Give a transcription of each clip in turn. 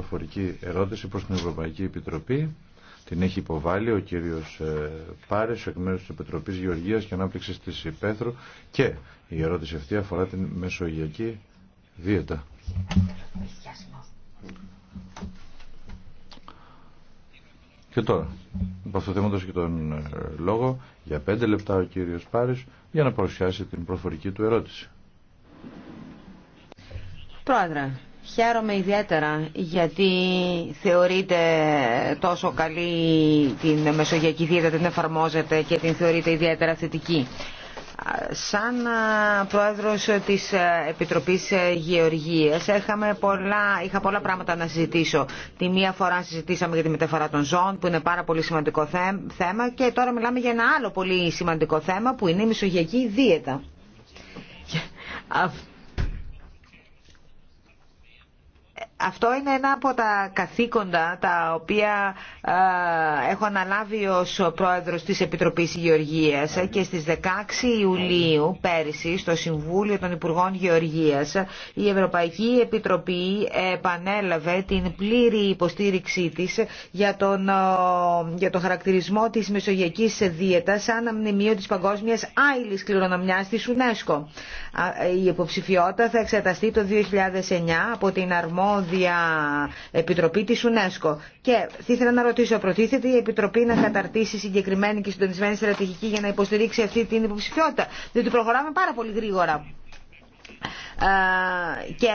προφορική ερώτηση προς την Ευρωπαϊκή Επιτροπή. Την έχει υποβάλει ο κύριος ε, Πάρης εκ μέρους της Επιτροπής Γεωργίας και Ανάπτυξης της Υπέθρου και η ερώτηση αυτή αφορά την μεσογειακή δίαιτα. Και τώρα, από και τον ε, λόγο, για πέντε λεπτά ο κύριος Πάρης για να παρουσιάσει την προφορική του ερώτηση. Πρόεδρε, Χαίρομαι ιδιαίτερα γιατί θεωρείτε τόσο καλή την μεσογειακή δίαιτα, την εφαρμόζετε και την θεωρείτε ιδιαίτερα θετική. Σαν πρόεδρος της Επιτροπής Γεωργίας είχαμε πολλά, είχα πολλά πράγματα να συζητήσω. Τη μία φορά συζητήσαμε για τη μεταφορά των ζώων που είναι πάρα πολύ σημαντικό θέμα και τώρα μιλάμε για ένα άλλο πολύ σημαντικό θέμα που είναι η μεσογειακή δίαιτα. αυτό είναι ένα από τα καθήκοντα τα οποία έχω αναλάβει ως πρόεδρος της Επιτροπής Γεωργίας και στις 16 Ιουλίου πέρυσι στο Συμβούλιο των Υπουργών Γεωργίας η Ευρωπαϊκή Επιτροπή επανέλαβε την πλήρη υποστήριξή της για τον, για τον χαρακτηρισμό της μεσογειακής δίαιτας σαν μνημείο της παγκόσμιας άιλης κληρονομιάς της UNESCO. Η υποψηφιότητα θα εξεταστεί το 2009 από την αρμόδια δια επιτροπή της UNESCO. Και θα ήθελα να ρωτήσω, προτίθεται η Επιτροπή να καταρτήσει συγκεκριμένη και συντονισμένη στρατηγική για να υποστηρίξει αυτή την υποψηφιότητα, διότι προχωράμε πάρα πολύ γρήγορα. και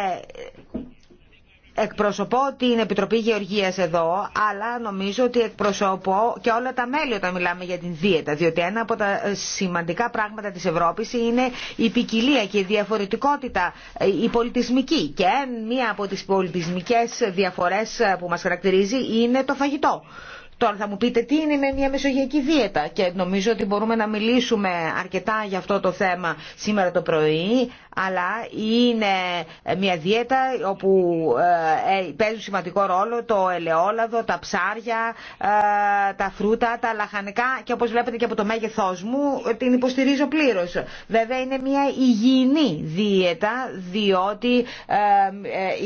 εκπροσωπώ την Επιτροπή Γεωργίας εδώ, αλλά νομίζω ότι εκπροσωπώ και όλα τα μέλη όταν μιλάμε για την δίαιτα, διότι ένα από τα σημαντικά πράγματα της Ευρώπης είναι η ποικιλία και η διαφορετικότητα, ε, η πολιτισμική. Και μία από τις πολιτισμικές διαφορές ε, που μας χαρακτηρίζει είναι το φαγητό. Τώρα θα μου πείτε τι είναι μια μεσογειακή δίαιτα και νομίζω ότι μπορούμε να μιλήσουμε αρκετά για αυτό το θέμα σήμερα το πρωί, αλλά είναι μια δίαιτα όπου ε, ε, παίζουν σημαντικό ρόλο το ελαιόλαδο, τα ψάρια, ε, τα φρούτα, τα λαχανικά και όπως βλέπετε και από το μέγεθός μου την υποστηρίζω πλήρως. Βέβαια είναι μια υγιεινή δίαιτα διότι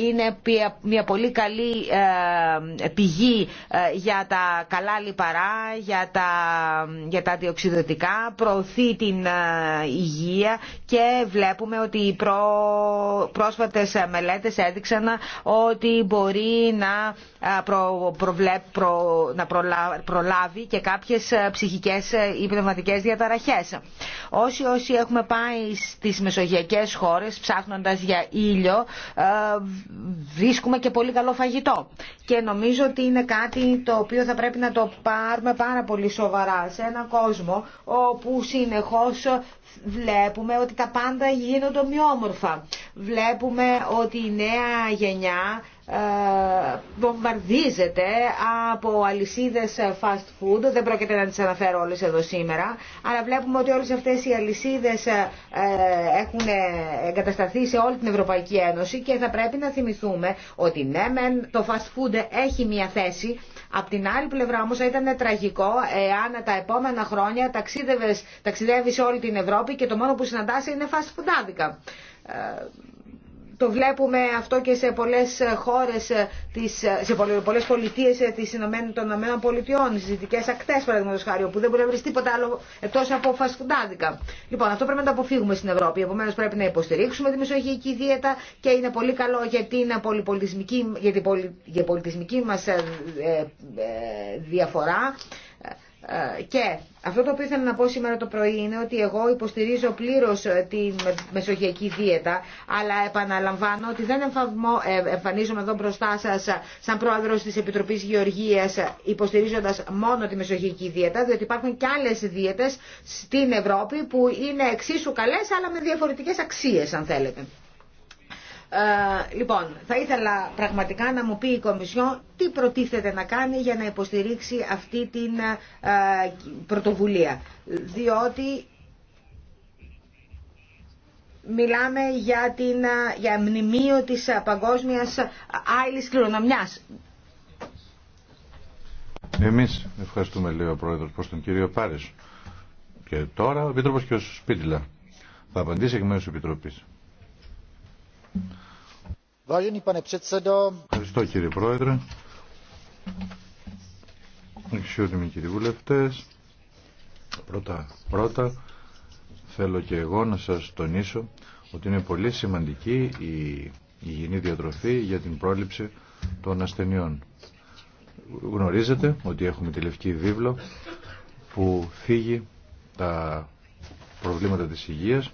είναι μια πολύ καλή πηγή για τα καλά λιπαρά, για τα, για τα προωθεί την ε, υγεία και βλέπουμε ότι οι προ, πρόσφατες μελέτες έδειξαν ότι μπορεί να, ε, προ, να προλάβει και κάποιες ε, ψυχικές ή πνευματικές διαταραχές. Όσοι όσοι έχουμε πάει στις μεσογειακές χώρες ψάχνοντας για ήλιο βρίσκουμε και πολύ καλό φαγητό και νομίζω ότι είναι κάτι το οποίο θα πρέπει πρέπει να το πάρουμε πάρα πολύ σοβαρά σε έναν κόσμο όπου συνεχώς βλέπουμε ότι τα πάντα γίνονται ομοιόμορφα. Βλέπουμε ότι η νέα γενιά ε, βομβαρδίζεται από αλυσίδες fast food, δεν πρόκειται να τις αναφέρω όλες εδώ σήμερα, αλλά βλέπουμε ότι όλες αυτές οι αλυσίδες ε, έχουν εγκατασταθεί σε όλη την Ευρωπαϊκή Ένωση και θα πρέπει να θυμηθούμε ότι ναι, το fast food έχει μια θέση, Απ' την άλλη πλευρά όμως ήταν τραγικό εάν τα επόμενα χρόνια ταξίδευες, ταξιδεύεις σε όλη την Ευρώπη και το μόνο που συναντάς είναι fast φουντάδικα. Το βλέπουμε αυτό και σε πολλές χώρες, σε πολλές πολιτείες της Ηνωμένων των Ηνωμένων Πολιτειών, στις δυτικές ακτές παραδείγματος χάρη, όπου δεν μπορεί να βρει τίποτα άλλο τόσο από φασφουντάδικα. Λοιπόν, αυτό πρέπει να το αποφύγουμε στην Ευρώπη. Επομένως πρέπει να υποστηρίξουμε τη μεσογειακή δίαιτα και είναι πολύ καλό για την πολυπολιτισμική, για πολιτισμική μας ε, ε, διαφορά. Ε, και αυτό το οποίο ήθελα να πω σήμερα το πρωί είναι ότι εγώ υποστηρίζω πλήρως ε, τη μεσογειακή δίαιτα, αλλά επαναλαμβάνω ότι δεν ε, εμφανίζομαι εδώ μπροστά σας σαν πρόεδρος της Επιτροπής Γεωργίας υποστηρίζοντας μόνο τη μεσογειακή δίαιτα, διότι υπάρχουν και άλλες δίαιτες στην Ευρώπη που είναι εξίσου καλές αλλά με διαφορετικές αξίες αν θέλετε. Ε, λοιπόν, θα ήθελα πραγματικά να μου πει η Κομισιόν τι προτίθεται να κάνει για να υποστηρίξει αυτή την ε, πρωτοβουλία. Διότι μιλάμε για, την, ε, για μνημείο της παγκόσμιας άλλης κληρονομιάς. Εμείς ευχαριστούμε, λέει ο Πρόεδρος, προς τον κύριο Πάρης. Και τώρα ο Επίτροπος και ο Σπίτιλα θα απαντήσει εκ μέρους της Επιτροπής. Ευχαριστώ κύριε Πρόεδρε. Αξιότιμοι κύριοι βουλευτές. Πρώτα, πρώτα θέλω και εγώ να σας τονίσω ότι είναι πολύ σημαντική η υγιεινή διατροφή για την πρόληψη των ασθενειών. Γνωρίζετε ότι έχουμε τη Λευκή Βίβλο που φύγει τα προβλήματα της υγείας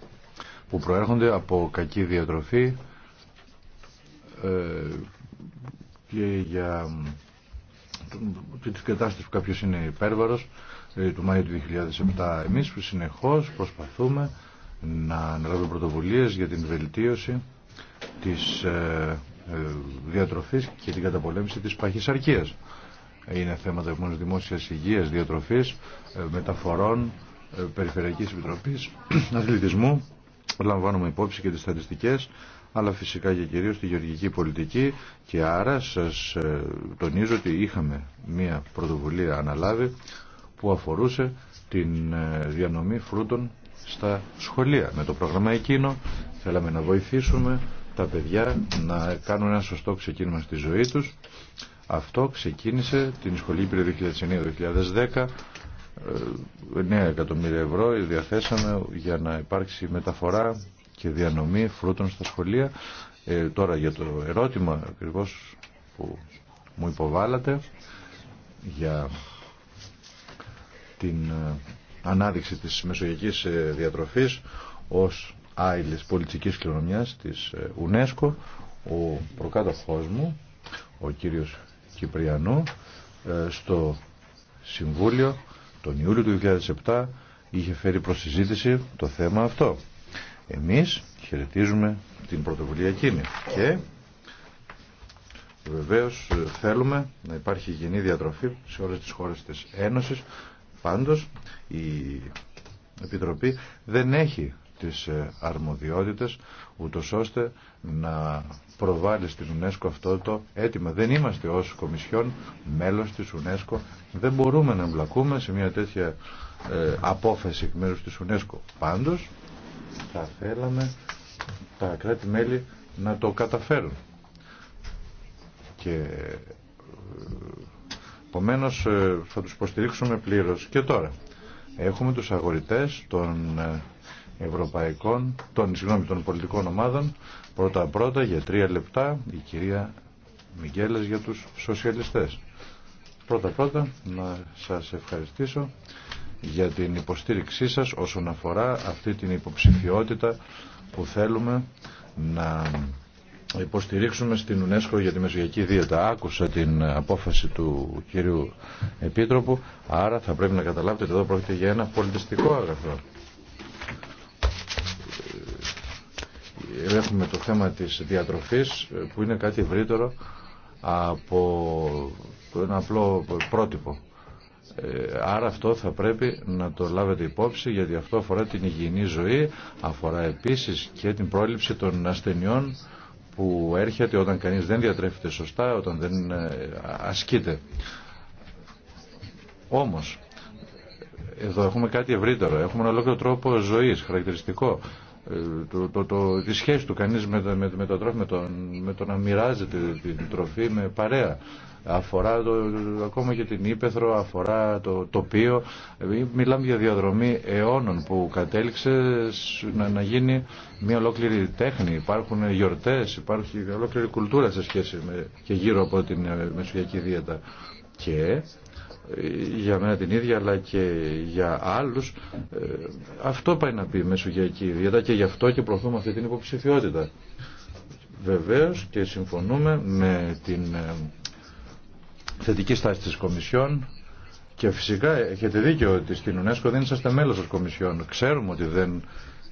που προέρχονται από κακή διατροφή ε, και για τη κατάσταση που κάποιος είναι υπέρβαρος ε, του Μαΐου του 2007 εμείς που συνεχώς προσπαθούμε να αναλάβουμε πρωτοβουλίες για την βελτίωση της ε, διατροφής και την καταπολέμηση της παχυσαρκίας. Είναι θέματα επομένως δημόσιας υγείας, διατροφής, μεταφορών, περιφερειακής επιτροπής, αθλητισμού λαμβάνουμε υπόψη και τις στατιστικές αλλά φυσικά και κυρίως τη γεωργική πολιτική και άρα σας ε, τονίζω ότι είχαμε μια πρωτοβουλία αναλάβει που αφορούσε την ε, διανομή φρούτων στα σχολεία. Με το πρόγραμμα εκείνο θέλαμε να βοηθήσουμε τα παιδιά να κάνουν ένα σωστό ξεκίνημα στη ζωή τους. Αυτό ξεκίνησε την σχολή περίοδο 2009-2010 9 ε, εκατομμύρια ευρώ διαθέσαμε για να υπάρξει μεταφορά και διανομή φρούτων στα σχολεία. Ε, τώρα για το ερώτημα ακριβώ που μου υποβάλλατε για την ε, ανάδειξη της μεσογειακής διατροφής ως άιλης πολιτικής κληρονομιάς της UNESCO ο προκάτοχός μου ο κύριος Κυπριανού στο Συμβούλιο τον Ιούλιο του 2007 είχε φέρει προς το θέμα αυτό. Εμείς χαιρετίζουμε την πρωτοβουλία εκείνη και βεβαίως ε, θέλουμε να υπάρχει γενή διατροφή σε όλες τις χώρες της Ένωσης. Πάντως η Επιτροπή δεν έχει τις ε, αρμοδιότητες ούτως ώστε να προβάλλει στην UNESCO αυτό το αίτημα. Δεν είμαστε ως Κομισιόν μέλος της UNESCO. Δεν μπορούμε να εμπλακούμε σε μια τέτοια ε, απόφαση εκ μέρους της UNESCO. Πάντως θα θέλαμε τα κράτη-μέλη να το καταφέρουν. Και ε, επομένω θα τους υποστηρίξουμε πλήρως. Και τώρα έχουμε τους αγορητές των ευρωπαϊκών, των, συγγνώμη, των πολιτικών ομάδων. Πρώτα-πρώτα για τρία λεπτά η κυρία Μιγγέλα για τους σοσιαλιστές. Πρώτα-πρώτα να σας ευχαριστήσω για την υποστήριξή σας όσον αφορά αυτή την υποψηφιότητα που θέλουμε να υποστηρίξουμε στην UNESCO για τη Μεσογειακή Δίαιτα. Άκουσα την απόφαση του κυρίου Επίτροπου, άρα θα πρέπει να καταλάβετε εδώ πρόκειται για ένα πολιτιστικό αγαθό. έχουμε το θέμα της διατροφής που είναι κάτι ευρύτερο από ένα απλό πρότυπο. Ε, άρα αυτό θα πρέπει να το λάβετε υπόψη γιατί αυτό αφορά την υγιεινή ζωή, αφορά επίσης και την πρόληψη των ασθενειών που έρχεται όταν κανείς δεν διατρέφεται σωστά, όταν δεν ε, ασκείται. Όμως, εδώ έχουμε κάτι ευρύτερο, έχουμε ένα ολόκληρο τρόπο ζωής, χαρακτηριστικό το, το, το, τη σχέση του κανείς με, με, με το με το, με το να μοιράζεται την τροφή με παρέα. Αφορά το, ακόμα και την ύπεθρο, αφορά το τοπίο. Ε, μιλάμε για διαδρομή αιώνων που κατέληξε να, να γίνει μια ολόκληρη τέχνη. Υπάρχουν γιορτές, υπάρχει ολόκληρη κουλτούρα σε σχέση και γύρω από την ε, μεσογειακή δίαιτα. Και για μένα την ίδια αλλά και για άλλους ε, αυτό πάει να πει η Μεσογειακή Ιδιαίτα και γι' αυτό και προωθούμε αυτή την υποψηφιότητα βεβαίως και συμφωνούμε με την ε, θετική στάση της Κομισιόν και φυσικά έχετε δίκιο ότι στην UNESCO δεν είσαστε μέλος της Κομισιόν ξέρουμε ότι δεν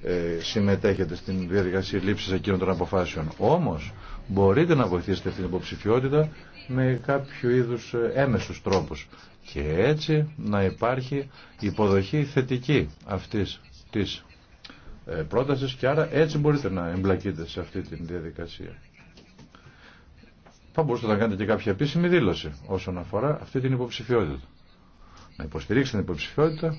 ε, συμμετέχετε στην διαδικασία λήψης εκείνων των αποφάσεων όμως μπορείτε να βοηθήσετε αυτή την υποψηφιότητα με κάποιο είδους ε, έμεσους τρόπους και έτσι να υπάρχει υποδοχή θετική αυτής της ε, πρότασης και άρα έτσι μπορείτε να εμπλακείτε σε αυτή τη διαδικασία. Θα μπορούσατε να κάνετε και κάποια επίσημη δήλωση όσον αφορά αυτή την υποψηφιότητα. Να υποστηρίξετε την υποψηφιότητα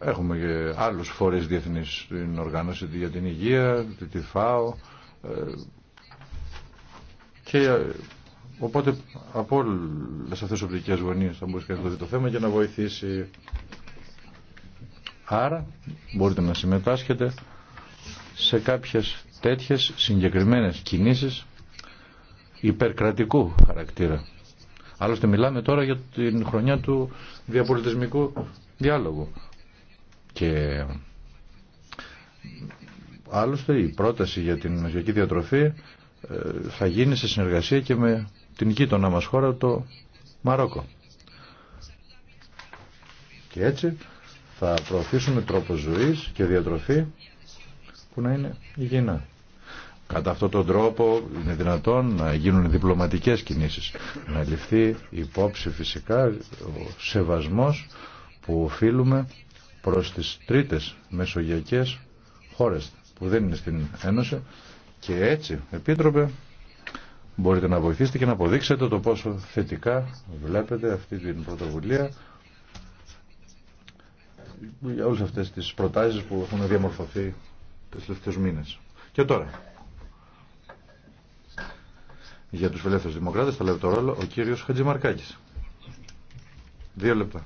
Έχουμε και άλλους φορείς διεθνείς, την Οργάνωση για την Υγεία, τη ΦΑΟ ε, και ε, οπότε από όλες αυτές τις οπτικές γωνίες θα μπορείς να δει το θέμα για να βοηθήσει. Άρα μπορείτε να συμμετάσχετε σε κάποιες τέτοιες συγκεκριμένες κινήσεις υπερκρατικού χαρακτήρα. Άλλωστε μιλάμε τώρα για την χρονιά του διαπολιτισμικού διάλογου. Και άλλωστε η πρόταση για την ζωική διατροφή ε, θα γίνει σε συνεργασία και με την γείτονά μας χώρα το Μαρόκο. Και έτσι θα προωθήσουμε τρόπο ζωής και διατροφή που να είναι υγιεινά. Κατά αυτόν τον τρόπο είναι δυνατόν να γίνουν διπλωματικές κινήσεις. Να ληφθεί υπόψη φυσικά ο σεβασμός που οφείλουμε προς τις τρίτες μεσογειακές χώρες που δεν είναι στην Ένωση και έτσι, Επίτροπε, μπορείτε να βοηθήσετε και να αποδείξετε το πόσο θετικά βλέπετε αυτή την πρωτοβουλία για όλες αυτές τις προτάσεις που έχουν διαμορφωθεί τις τελευταίους μήνες. Και τώρα, για τους φιλεύθερους δημοκράτες θα λέει το ρόλο ο κύριος Χατζημαρκάκης. Δύο λεπτά.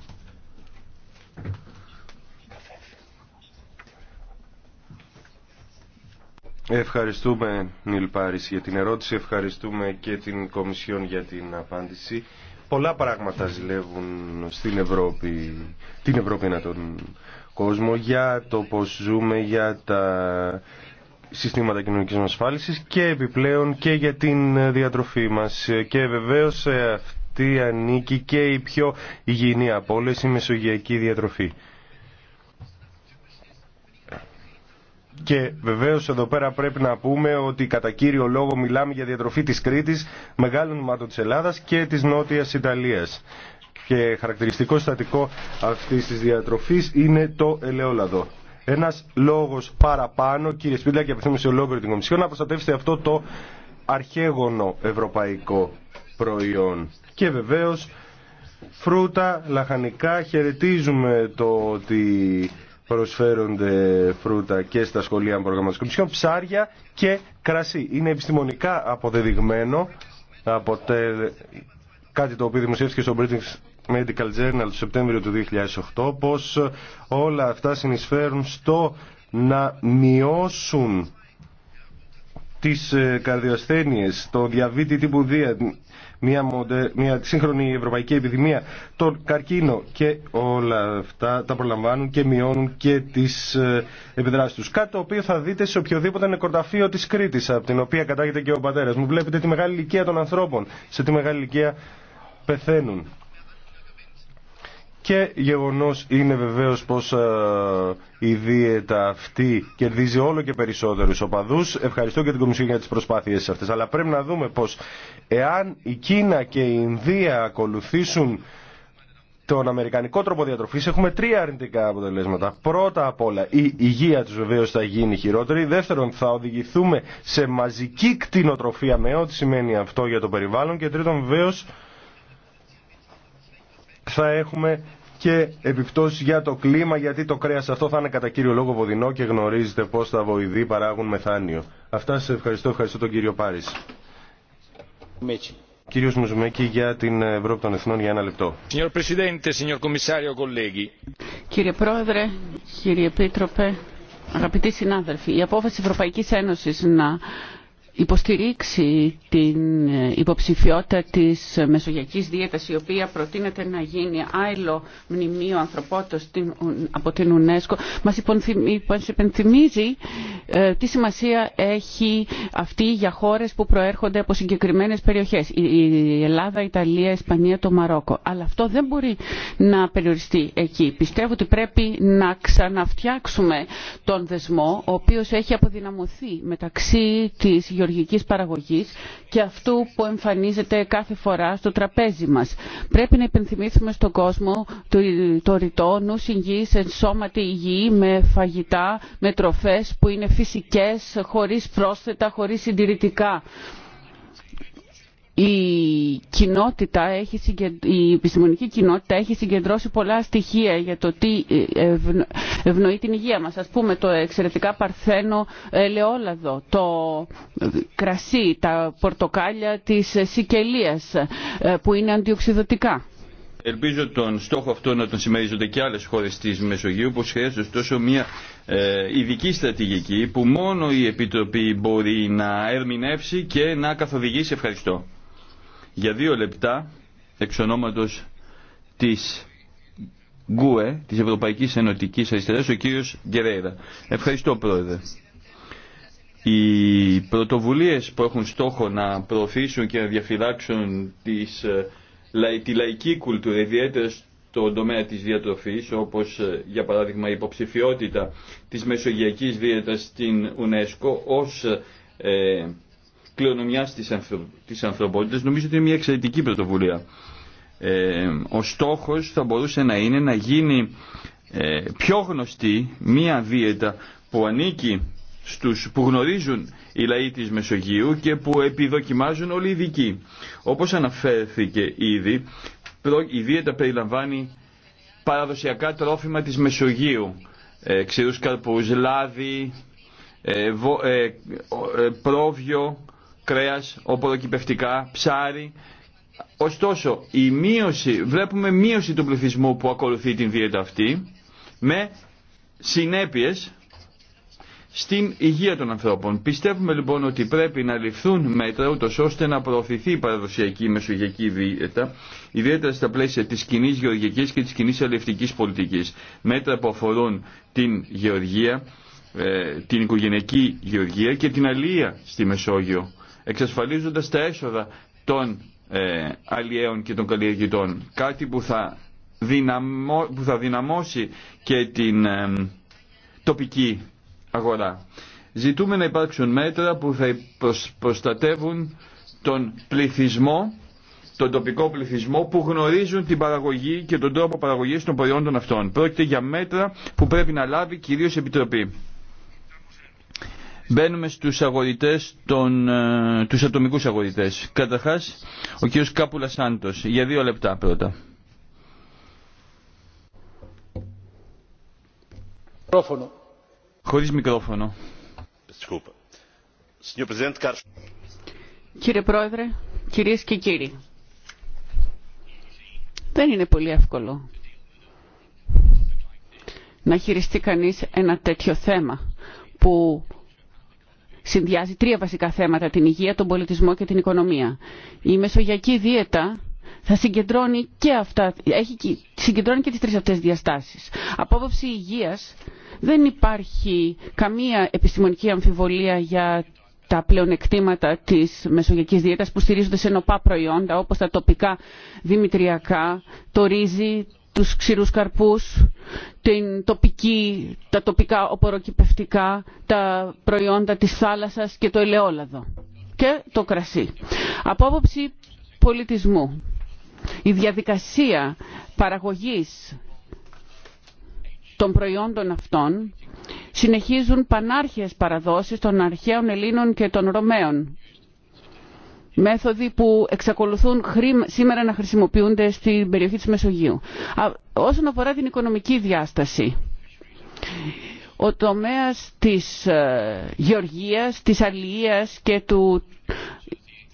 Ευχαριστούμε, Νίλ Πάρης, για την ερώτηση. Ευχαριστούμε και την Κομισιόν για την απάντηση. Πολλά πράγματα ζηλεύουν στην Ευρώπη, την Ευρώπη να τον κόσμο, για το πώς ζούμε, για τα συστήματα κοινωνικής μας ασφάλισης και επιπλέον και για την διατροφή μας. Και βεβαίως ε, αυτή ανήκει και η πιο υγιεινή από όλες, η μεσογειακή διατροφή. Και βεβαίως εδώ πέρα πρέπει να πούμε ότι κατά κύριο λόγο μιλάμε για διατροφή της Κρήτης, μεγάλων Νομάτων της Ελλάδας και της Νότιας Ιταλίας. Και χαρακτηριστικό στατικό αυτής της διατροφής είναι το ελαιόλαδο. Ένας λόγος παραπάνω, κύριε Σπίτλα, και απευθύνουμε σε ολόκληρη την Κομισιόν, να προστατεύσετε αυτό το αρχαίγωνο ευρωπαϊκό προϊόν. Και βεβαίως φρούτα, λαχανικά, χαιρετίζουμε το ότι προσφέρονται φρούτα και στα σχολεία προγραμματικών, προγραμματικό ψάρια και κρασί. Είναι επιστημονικά αποδεδειγμένο τε... κάτι το οποίο δημοσιεύτηκε στο British Medical Journal το Σεπτέμβριο του 2008 πως όλα αυτά συνεισφέρουν στο να μειώσουν τις ε, καρδιοσθένειες, το διαβήτη τύπου 2, μια, μια σύγχρονη ευρωπαϊκή επιδημία, τον καρκίνο και όλα αυτά τα προλαμβάνουν και μειώνουν και τις ε, επιδράσεις του. Κάτι το οποίο θα δείτε σε οποιοδήποτε νεκροταφείο της Κρήτη, από την οποία κατάγεται και ο πατέρα μου. Βλέπετε τη μεγάλη ηλικία των ανθρώπων, σε τη μεγάλη ηλικία πεθαίνουν. Και γεγονός είναι βεβαίως πως ε, η δίαιτα αυτή κερδίζει όλο και περισσότερους οπαδούς. Ευχαριστώ και την Κομισιόν για τις προσπάθειες αυτές. Αλλά πρέπει να δούμε πως εάν η Κίνα και η Ινδία ακολουθήσουν τον αμερικανικό τρόπο διατροφής έχουμε τρία αρνητικά αποτελέσματα. Πρώτα απ' όλα η υγεία τους βεβαίως θα γίνει χειρότερη. Δεύτερον θα οδηγηθούμε σε μαζική κτηνοτροφία με ό,τι σημαίνει αυτό για το περιβάλλον. Και τρίτον βεβαίως θα έχουμε και επιπτώσει για το κλίμα γιατί το κρέας αυτό θα είναι κατά κύριο λόγο βοδινό και γνωρίζετε πως τα βοηδοί παράγουν μεθάνιο. Αυτά σας ευχαριστώ, ευχαριστώ τον κύριο Πάρης. Μέτσι. Κύριος Μουζουμέκη για την Ευρώπη των Εθνών για ένα λεπτό. Κύριε Πρόεδρε, κύριε Επίτροπε, αγαπητοί συνάδελφοι, η απόφαση Ευρωπαϊκής Ένωσης να υποστηρίξει την υποψηφιότητα της μεσογειακής δίαιτας η οποία προτείνεται να γίνει άλλο μνημείο ανθρωπότητας από την UNESCO μας υπενθυμίζει ε, τι σημασία έχει αυτή για χώρες που προέρχονται από συγκεκριμένες περιοχές η Ελλάδα, η Ιταλία, η Ισπανία, το Μαρόκο αλλά αυτό δεν μπορεί να περιοριστεί εκεί πιστεύω ότι πρέπει να ξαναφτιάξουμε τον δεσμό ο οποίος έχει αποδυναμωθεί μεταξύ της παραγωγής και αυτού που εμφανίζεται κάθε φορά στο τραπέζι μας. Πρέπει να υπενθυμίσουμε στον κόσμο το ρητό νους υγιής ενσώματι υγιή με φαγητά, με τροφές που είναι φυσικές, χωρίς πρόσθετα, χωρίς συντηρητικά η, κοινότητα έχει η επιστημονική κοινότητα έχει συγκεντρώσει πολλά στοιχεία για το τι ε, ευνοεί την υγεία μας. Ας πούμε το εξαιρετικά παρθένο ελαιόλαδο, το ε, κρασί, τα πορτοκάλια της ε, Σικελίας που είναι αντιοξυδοτικά. Ελπίζω τον στόχο αυτό να τον συμμερίζονται και άλλες χώρες της Μεσογείου, που χρειάζεται ωστόσο μια ειδική στρατηγική που μόνο η Επιτροπή μπορεί να ερμηνεύσει και να καθοδηγήσει. Ευχαριστώ για δύο λεπτά εξ ονόματος της ΓΚΟΕ, της Ευρωπαϊκής Ενωτικής Αριστεράς, ο κύριος Γκερέιρα. Ευχαριστώ πρόεδρε. Οι πρωτοβουλίες που έχουν στόχο να προωθήσουν και να διαφυλάξουν τις, ε, τη λαϊκή κουλτούρα, ιδιαίτερα στον τομέα της διατροφής, όπως ε, για παράδειγμα η υποψηφιότητα της μεσογειακής δίαιτας στην UNESCO ως ε, κληρονομιάς τη νομίζω ότι είναι μια εξαιρετική πρωτοβουλία. Ε, ο στόχος θα μπορούσε να είναι να γίνει ε, πιο γνωστή μια δίαιτα που ανήκει στους που γνωρίζουν οι λαοί της Μεσογείου και που επιδοκιμάζουν όλοι οι ειδικοί. Όπως αναφέρθηκε ήδη, η δίαιτα περιλαμβάνει παραδοσιακά τρόφιμα της Μεσογείου, ε, ξηρούς καρπούς, λάδι, ε, ε, ε πρόβιο, κρέας, οποροκυπευτικά, ψάρι. Ωστόσο, η μείωση, βλέπουμε μείωση του πληθυσμού που ακολουθεί την δίαιτα αυτή με συνέπειες στην υγεία των ανθρώπων. Πιστεύουμε λοιπόν ότι πρέπει να ληφθούν μέτρα ούτως ώστε να προωθηθεί η παραδοσιακή μεσογειακή δίαιτα, ιδιαίτερα στα πλαίσια της κοινή γεωργικής και της κοινή αλληλευτικής πολιτικής. Μέτρα που αφορούν την γεωργία, ε, την οικογενειακή γεωργία και την αλληλεία στη Μεσόγειο εξασφαλίζοντας τα έσοδα των ε, αλλιέων και των καλλιεργητών. Κάτι που θα, θα δυναμώσει και την ε, τοπική αγορά. Ζητούμε να υπάρξουν μέτρα που θα προστατεύουν τον πληθυσμό, τον τοπικό πληθυσμό που γνωρίζουν την παραγωγή και τον τρόπο παραγωγής των προϊόντων αυτών. Πρόκειται για μέτρα που πρέπει να λάβει κυρίως η Επιτροπή. Μπαίνουμε στους αγορητές, των, ε, τους ατομικούς αγορητές. Καταρχάς, ο κύριος Κάπουλα Σάντο για δύο λεπτά πρώτα. Μικρόφωνο. Χωρίς μικρόφωνο. Κύριε Πρόεδρε, κυρίες και κύριοι, δεν είναι πολύ εύκολο να χειριστεί κανείς ένα τέτοιο θέμα που συνδυάζει τρία βασικά θέματα, την υγεία, τον πολιτισμό και την οικονομία. Η μεσογειακή δίαιτα θα συγκεντρώνει και αυτά, έχει, συγκεντρώνει και τις τρεις αυτές διαστάσεις. Από υγείας δεν υπάρχει καμία επιστημονική αμφιβολία για τα πλεονεκτήματα της μεσογειακής δίαιτας που στηρίζονται σε νοπά προϊόντα όπως τα τοπικά δημητριακά, το ρύζι, τους ξηρούς καρπούς, την τοπική, τα τοπικά οποροκυπευτικά, τα προϊόντα της θάλασσας και το ελαιόλαδο και το κρασί. Από άποψη πολιτισμού, η διαδικασία παραγωγής των προϊόντων αυτών συνεχίζουν πανάρχιες παραδόσεις των αρχαίων Ελλήνων και των Ρωμαίων μέθοδοι που εξακολουθούν σήμερα να χρησιμοποιούνται στην περιοχή της Μεσογείου. Όσον αφορά την οικονομική διάσταση, ο τομέας της ε, γεωργίας, της αλληλείας και του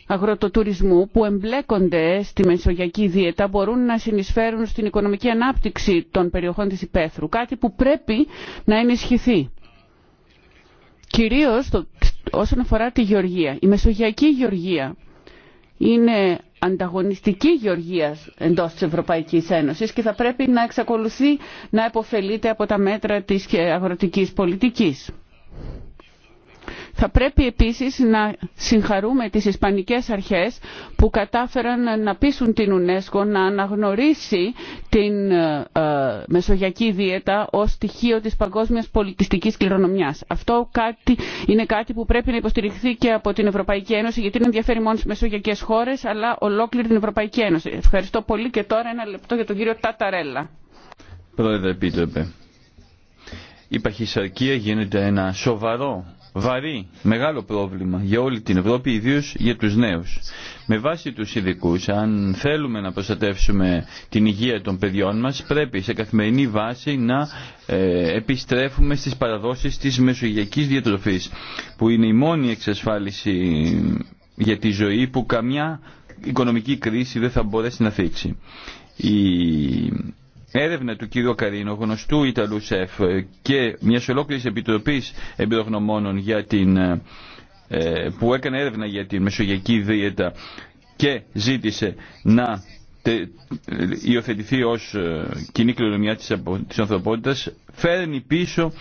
αγροτοτουρισμού που εμπλέκονται στη μεσογειακή δίαιτα μπορούν να συνεισφέρουν στην οικονομική ανάπτυξη των περιοχών της υπαίθρου, κάτι που πρέπει να ενισχυθεί. Κυρίως όσον αφορά τη γεωργία. Η μεσογειακή γεωργία είναι ανταγωνιστική γεωργία εντός της Ευρωπαϊκής Ένωσης και θα πρέπει να εξακολουθεί να επωφελείται από τα μέτρα της αγροτικής πολιτικής. Θα πρέπει επίσης να συγχαρούμε τις Ισπανικές αρχές που κατάφεραν να πείσουν την UNESCO να αναγνωρίσει την ε, ε, μεσογειακή δίαιτα ως στοιχείο της παγκόσμιας πολιτιστικής κληρονομιάς. Αυτό κάτι, είναι κάτι που πρέπει να υποστηριχθεί και από την Ευρωπαϊκή Ένωση γιατί είναι ενδιαφέρει μόνο στις μεσογειακές χώρες αλλά ολόκληρη την Ευρωπαϊκή Ένωση. Ευχαριστώ πολύ και τώρα ένα λεπτό για τον κύριο Ταταρέλα. Πρόεδρε Επίτροπε, η παχυσαρκία γίνεται ένα σοβαρό βαρύ, μεγάλο πρόβλημα για όλη την Ευρώπη, ιδίω για τους νέους. Με βάση τους ειδικού, αν θέλουμε να προστατεύσουμε την υγεία των παιδιών μας, πρέπει σε καθημερινή βάση να ε, επιστρέφουμε στις παραδόσεις της μεσογειακής διατροφής, που είναι η μόνη εξασφάλιση για τη ζωή που καμιά οικονομική κρίση δεν θα μπορέσει να θίξει. Η έρευνα του κ. Καρίνο, γνωστού Ιταλού ΣΕΦ και μια ολόκληρη επιτροπή εμπειρογνωμόνων για την, ε, ε, που έκανε έρευνα για την μεσογειακή δίαιτα και ζήτησε να υιοθετηθεί ως ε, κοινή κληρονομιά τη της ανθρωπότητας φέρνει πίσω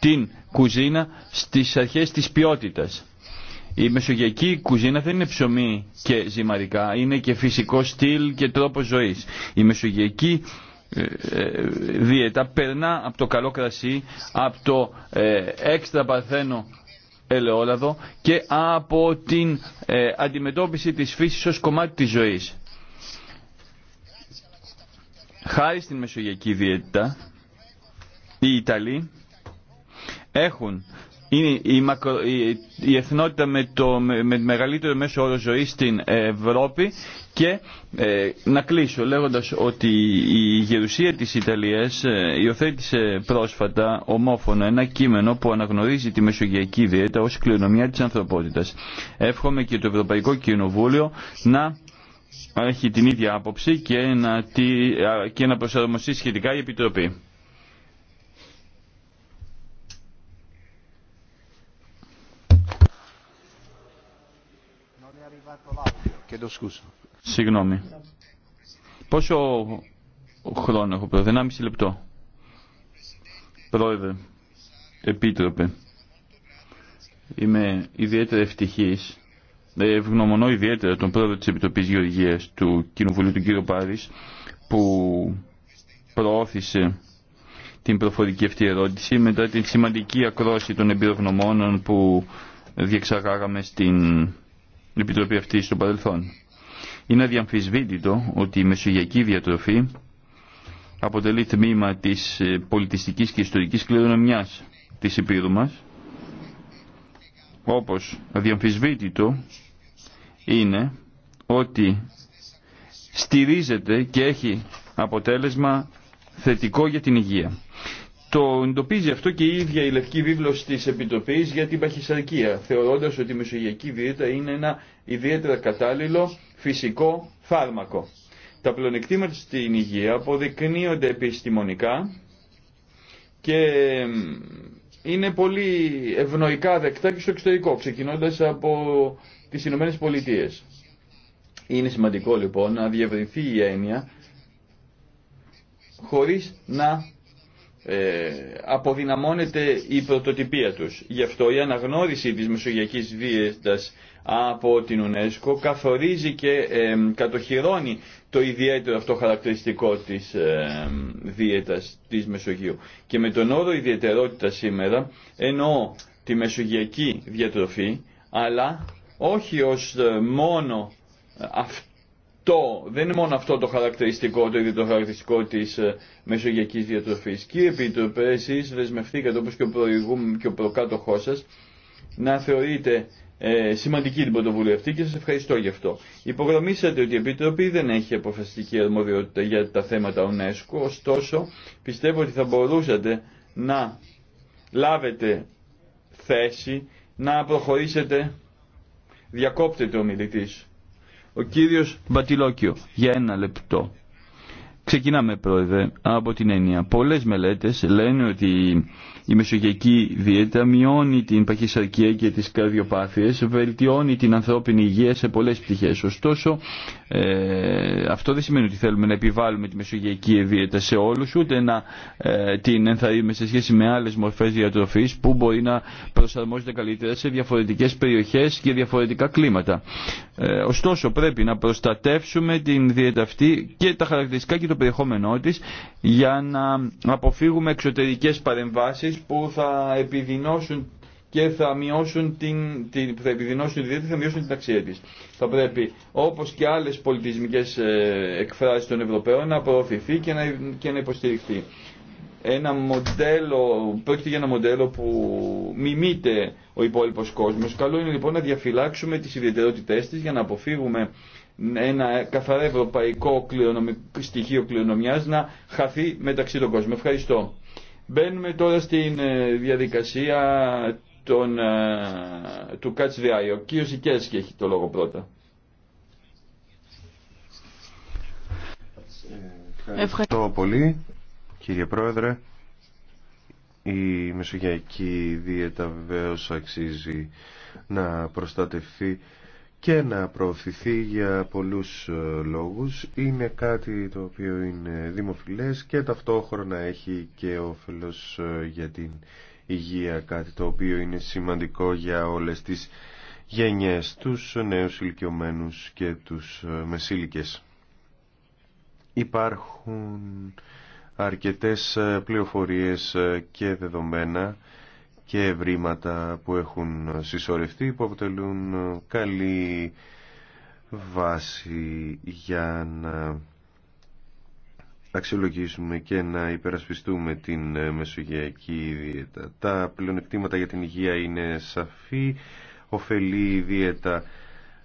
την κουζίνα στις αρχές της ποιότητας. Η μεσογειακή κουζίνα δεν είναι ψωμί και ζυμαρικά, είναι και φυσικό στυλ και τρόπο ζωής. Η μεσογειακή δίαιτα περνά από το καλό κρασί, από το ε, έξτρα παρθένο ελαιόλαδο και από την ε, αντιμετώπιση της φύσης ως κομμάτι της ζωής. Χάρη στην μεσογειακή δίαιτα, οι Ιταλοί έχουν είναι η, εθνότητα με το με, μεγαλύτερο μέσο όρο ζωή στην Ευρώπη και ε, να κλείσω λέγοντας ότι η γερουσία της Ιταλίας ε, υιοθέτησε πρόσφατα ομόφωνα ένα κείμενο που αναγνωρίζει τη μεσογειακή διέτα ως κληρονομιά της ανθρωπότητας. Εύχομαι και το Ευρωπαϊκό Κοινοβούλιο να έχει την ίδια άποψη και να, και να προσαρμοστεί σχετικά η Επιτροπή. Συγγνώμη. Πόσο χρόνο έχω πρόεδρε, 1,5 λεπτό. Πρόεδρε, επίτροπε, είμαι ιδιαίτερα ευτυχής, ε, ευγνωμονώ ιδιαίτερα τον πρόεδρο της Επιτροπής Γεωργίας του Κοινοβουλίου του κύριο Πάρης, που προώθησε την προφορική αυτή ερώτηση μετά την σημαντική ακρόση των εμπειρογνωμόνων που διεξαγάγαμε στην Επιτροπή αυτή στο παρελθόν. Είναι αδιαμφισβήτητο ότι η μεσογειακή διατροφή αποτελεί τμήμα της ε, πολιτιστικής και ιστορικής κληρονομιάς της Επίρου μας, όπως αδιαμφισβήτητο είναι ότι στηρίζεται και έχει αποτέλεσμα θετικό για την υγεία. Το εντοπίζει αυτό και η ίδια η λευκή βίβλος της Επιτροπής για την παχυσαρκία, θεωρώντας ότι η μεσογειακή δίαιτα είναι ένα ιδιαίτερα κατάλληλο φυσικό φάρμακο. Τα πλονεκτήματα στην υγεία αποδεικνύονται επιστημονικά και είναι πολύ ευνοϊκά δεκτά και στο εξωτερικό, ξεκινώντας από τις Ηνωμένες Πολιτείες. Είναι σημαντικό λοιπόν να διευρυνθεί η έννοια χωρίς να ε, αποδυναμώνεται η πρωτοτυπία τους. Γι' αυτό η αναγνώριση της μεσογειακής δίαιτας από την UNESCO καθορίζει και κατοχυρώνει το ιδιαίτερο αυτό χαρακτηριστικό της ε, δίαιτας της Μεσογείου. Και με τον όρο ιδιαιτερότητα σήμερα εννοώ τη μεσογειακή διατροφή αλλά όχι ως ε, μόνο ε, αυτό το, δεν είναι μόνο αυτό το χαρακτηριστικό, το ίδιο το χαρακτηριστικό της ε, μεσογειακής διατροφής. Κύριε Επίτροπε, εσείς δεσμευτήκατε όπως και ο, και ο προκάτοχός σας να θεωρείτε ε, σημαντική την πρωτοβουλία αυτή και σας ευχαριστώ γι' αυτό. Υπογραμμίσατε ότι η Επιτροπή δεν έχει αποφασιστική αρμοδιότητα για τα θέματα UNESCO, ωστόσο πιστεύω ότι θα μπορούσατε να λάβετε θέση, να προχωρήσετε, διακόπτεται ο μιλητής. Ο κύριος Μπατιλόκιο, για ένα λεπτό. Ξεκινάμε, πρόεδρε, από την έννοια. Πολλές μελέτες λένε ότι η μεσογειακή δίαιτα μειώνει την παχυσαρκία και τις καρδιοπάθειες, βελτιώνει την ανθρώπινη υγεία σε πολλές πτυχές. Ωστόσο, ε, αυτό δεν σημαίνει ότι θέλουμε να επιβάλλουμε τη μεσογειακή δίαιτα σε όλους, ούτε να ε, την ενθαρρύνουμε σε σχέση με άλλες μορφές διατροφής που μπορεί να προσαρμόζονται καλύτερα σε διαφορετικές περιοχές και διαφορετικά κλίματα. Ε, ωστόσο, πρέπει να προστατεύσουμε την δίαιτα αυτή και τα χαρακτηριστικά και το περιεχόμενό για να αποφύγουμε εξωτερικές παρεμβάσεις που θα επιδεινώσουν και θα μειώσουν την, την θα επιδεινώσουν τη θα μειώσουν την αξία της. Θα πρέπει όπως και άλλες πολιτισμικές ε, εκφράσεις των Ευρωπαίων να προωθηθεί και να, και να υποστηριχθεί. Ένα μοντέλο, πρόκειται για ένα μοντέλο που μιμείται ο υπόλοιπος κόσμος. Καλό είναι λοιπόν να διαφυλάξουμε τις ιδιαιτερότητές της για να αποφύγουμε ένα καθαρά ευρωπαϊκό στοιχείο κληρονομιάς να χαθεί μεταξύ των κόσμων. Ευχαριστώ. Μπαίνουμε τώρα στην ε, διαδικασία των, ε, του Catch the Eye. Ο κύριος Ικέσκη έχει το λόγο πρώτα. Ευχαριστώ πολύ κύριε Πρόεδρε. Η μεσογειακή δίαιτα βεβαίω αξίζει να προστατευτεί και να προωθηθεί για πολλούς ε, λόγους. Είναι κάτι το οποίο είναι δημοφιλές και ταυτόχρονα έχει και όφελος ε, για την υγεία, κάτι το οποίο είναι σημαντικό για όλες τις γενιές, τους νέους ηλικιωμένους και τους ε, μεσήλικες. Υπάρχουν αρκετές πληροφορίες και δεδομένα και ευρήματα που έχουν συσσωρευτεί που αποτελούν καλή βάση για να αξιολογήσουμε και να υπερασπιστούμε την μεσογειακή δίαιτα. Τα πλεονεκτήματα για την υγεία είναι σαφή, ωφελεί η δίαιτα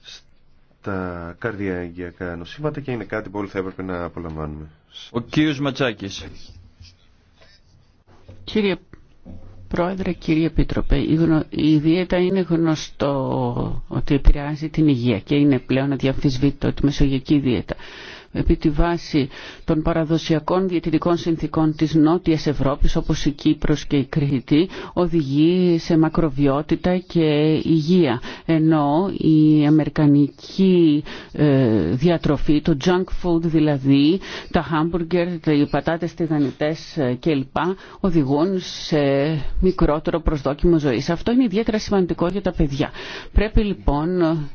στα καρδιαγιακά νοσήματα και είναι κάτι που όλοι θα έπρεπε να απολαμβάνουμε. Ο κύριος Ματσάκης. Κύριε Πρόεδρε, κύριε Επίτροπε, η δίαιτα είναι γνωστό ότι επηρεάζει την υγεία και είναι πλέον αδιαμφισβήτητο τη μεσογειακή δίαιτα επί τη βάση των παραδοσιακών διατηρητικών συνθήκων της Νότιας Ευρώπης όπως η Κύπρος και η Κρήτη οδηγεί σε μακροβιότητα και υγεία ενώ η αμερικανική ε, διατροφή, το junk food δηλαδή, τα hamburger, οι πατάτες τηγανιτές ε, κλπ οδηγούν σε μικρότερο προσδόκιμο ζωής. Αυτό είναι ιδιαίτερα σημαντικό για τα παιδιά. Πρέπει λοιπόν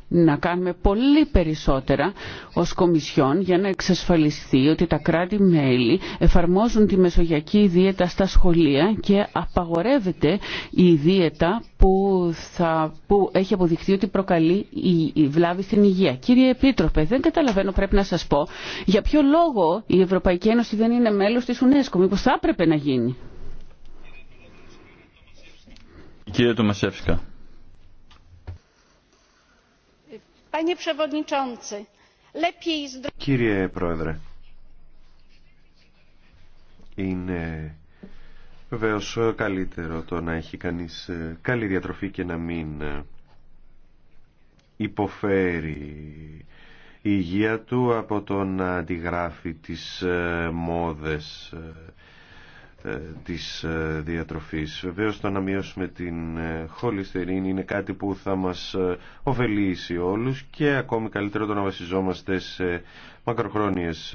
να κάνουμε πολύ περισσότερα ως Κομισιόν για να εξασφαλιστεί ότι τα κράτη-μέλη εφαρμόζουν τη μεσογειακή δίαιτα στα σχολεία και απαγορεύεται η δίαιτα που, θα, που έχει αποδειχθεί ότι προκαλεί η βλάβη στην υγεία. Κύριε Επίτροπε, δεν καταλαβαίνω πρέπει να σας πω για ποιο λόγο η Ευρωπαϊκή Ένωση δεν είναι μέλος της UNESCO. Μήπως θα έπρεπε να γίνει. Κύριε Τομασέφσκα. Panie Przewodniczący, Κύριε Πρόεδρε, είναι βεβαίω καλύτερο το να έχει κανείς ε, καλή διατροφή και να μην ε, υποφέρει η υγεία του από το να αντιγράφει τις ε, μόδες ε, της ε, διατροφής. Βεβαίως το να μειώσουμε την ε, χολυστερίνη είναι κάτι που θα μας ωφελήσει όλους και ακόμη καλύτερο το να βασιζόμαστε σε μακροχρόνιες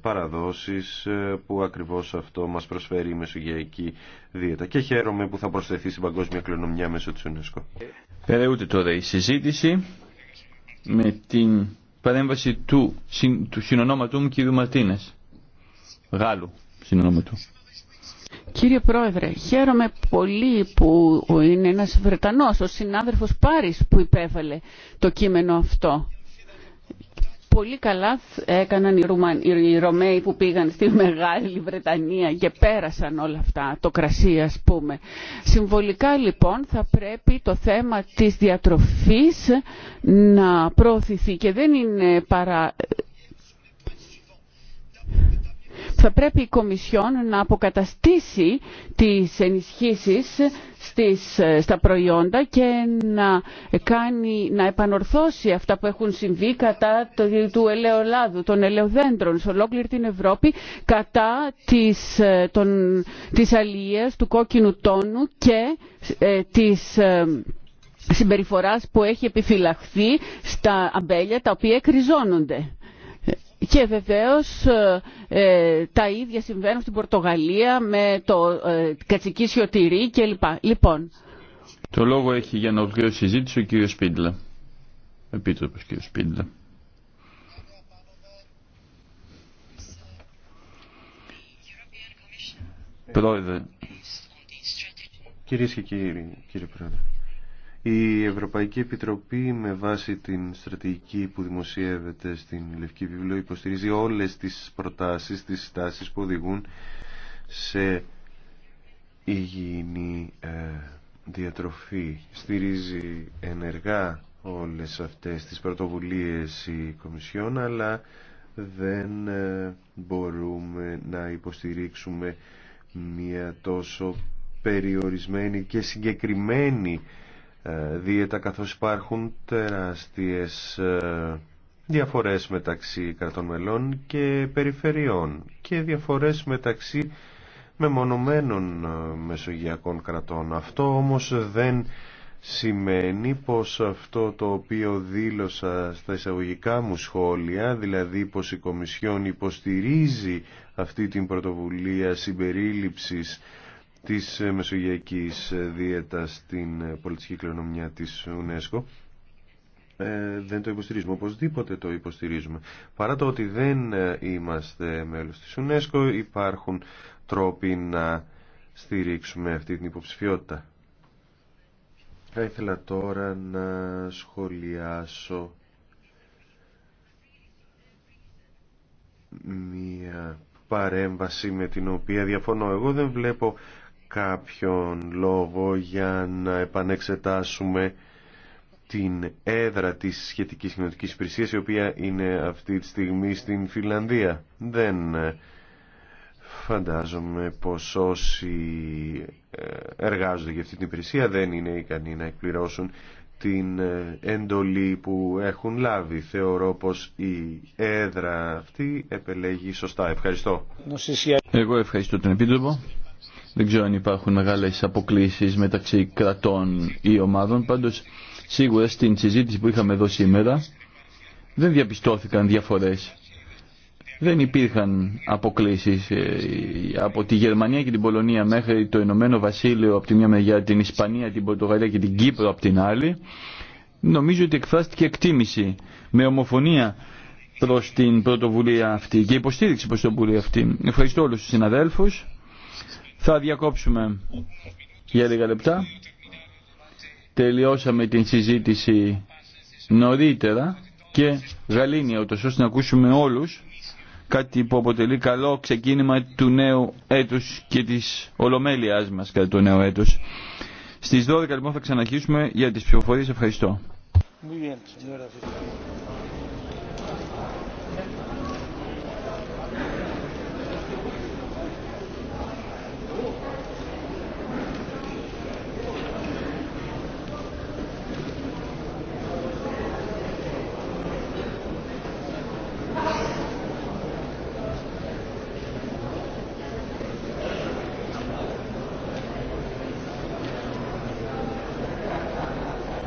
παραδόσεις που ακριβώς αυτό μας προσφέρει η μεσογειακή δίαιτα. Και χαίρομαι που θα προσθεθεί στην παγκόσμια κληρονομιά μέσω της UNESCO. Περαιούται τώρα η συζήτηση με την παρέμβαση του, του συνονόματου μου κ. Μαρτίνες, Γάλλου συνονόματου. Κύριε Πρόεδρε, χαίρομαι πολύ που είναι ένας Βρετανός, ο συνάδελφος Πάρης που υπέβαλε το κείμενο αυτό. Πολύ καλά έκαναν οι Ρωμαίοι που πήγαν στη Μεγάλη Βρετανία και πέρασαν όλα αυτά, το κρασί ας πούμε. Συμβολικά λοιπόν θα πρέπει το θέμα της διατροφής να προωθηθεί και δεν είναι παρά θα πρέπει η Κομισιόν να αποκαταστήσει τις ενισχύσεις στα προϊόντα και να, κάνει, να επανορθώσει αυτά που έχουν συμβεί κατά το, του ελαιολάδου, των ελαιοδέντρων σε ολόκληρη την Ευρώπη, κατά τις ε, των, του κόκκινου τόνου και ε, της... Ε, συμπεριφοράς που έχει επιφυλαχθεί στα αμπέλια τα οποία εκριζώνονται και βεβαίως ε, ε, τα ίδια συμβαίνουν στην Πορτογαλία με το ε, κατσικίσιο τυρί κλπ. Λοιπόν. Το λόγο έχει για να ολοκληρώσει συζήτηση ο κύριος Σπίντλα. Επίτροπος κύριος Σπίντλα. Πρόεδρε. Κυρίες και κύριοι, κύριε Πρόεδρε. Η Ευρωπαϊκή Επιτροπή με βάση την στρατηγική που δημοσιεύεται στην Λευκή Βιβλίο υποστηρίζει όλες τις προτάσεις, τις στάσεις που οδηγούν σε υγιεινή ε, διατροφή. Στηρίζει ενεργά όλες αυτές τις πρωτοβουλίες η Κομισιόν αλλά δεν ε, μπορούμε να υποστηρίξουμε μια τόσο περιορισμένη και συγκεκριμένη ε, δίαιτα καθώς υπάρχουν τεράστιες ε, διαφορές μεταξύ κρατών μελών και περιφερειών και διαφορές μεταξύ μεμονωμένων ε, μεσογειακών κρατών. Αυτό όμως δεν σημαίνει πως αυτό το οποίο δήλωσα στα εισαγωγικά μου σχόλια, δηλαδή πως η Κομισιόν υποστηρίζει αυτή την πρωτοβουλία συμπερίληψης της μεσογειακής δίαιτας στην πολιτική κληρονομιά της UNESCO. Ε, δεν το υποστηρίζουμε. Οπωσδήποτε το υποστηρίζουμε. Παρά το ότι δεν ε, είμαστε μέλος της UNESCO υπάρχουν τρόποι να στηρίξουμε αυτή την υποψηφιότητα. Θα ήθελα τώρα να σχολιάσω μία παρέμβαση με την οποία διαφωνώ. Εγώ δεν βλέπω κάποιον λόγο για να επανεξετάσουμε την έδρα της σχετικής κοινωνικής υπηρεσίας η οποία είναι αυτή τη στιγμή στην Φιλανδία. Δεν ε, φαντάζομαι πως όσοι ε, εργάζονται για αυτή την υπηρεσία δεν είναι ικανοί να εκπληρώσουν την ε, εντολή που έχουν λάβει. Θεωρώ πως η έδρα αυτή επελέγει σωστά. Ευχαριστώ. Εγώ ευχαριστώ τον Επίτροπο. Δεν ξέρω αν υπάρχουν μεγάλες αποκλήσεις μεταξύ κρατών ή ομάδων. Πάντως σίγουρα στην συζήτηση που είχαμε εδώ σήμερα δεν διαπιστώθηκαν διαφορές. Δεν υπήρχαν αποκλήσεις ε, από τη Γερμανία και την Πολωνία μέχρι το Ηνωμένο Βασίλειο από τη μια μεριά, την Ισπανία, την Πορτογαλία και την Κύπρο από την άλλη. Νομίζω ότι εκφράστηκε εκτίμηση με ομοφωνία προς την πρωτοβουλία αυτή και υποστήριξη προς την πρωτοβουλία αυτή. Ευχαριστώ όλους τους συναδέλφους. Θα διακόψουμε για λίγα λεπτά. Τελειώσαμε την συζήτηση νωρίτερα και γαλήνια ούτως ώστε να ακούσουμε όλους κάτι που αποτελεί καλό ξεκίνημα του νέου έτους και της ολομέλειάς μας κατά το νέο έτος. Στις 12 λοιπόν θα ξαναρχίσουμε για τις ψηφοφορίες. Ευχαριστώ.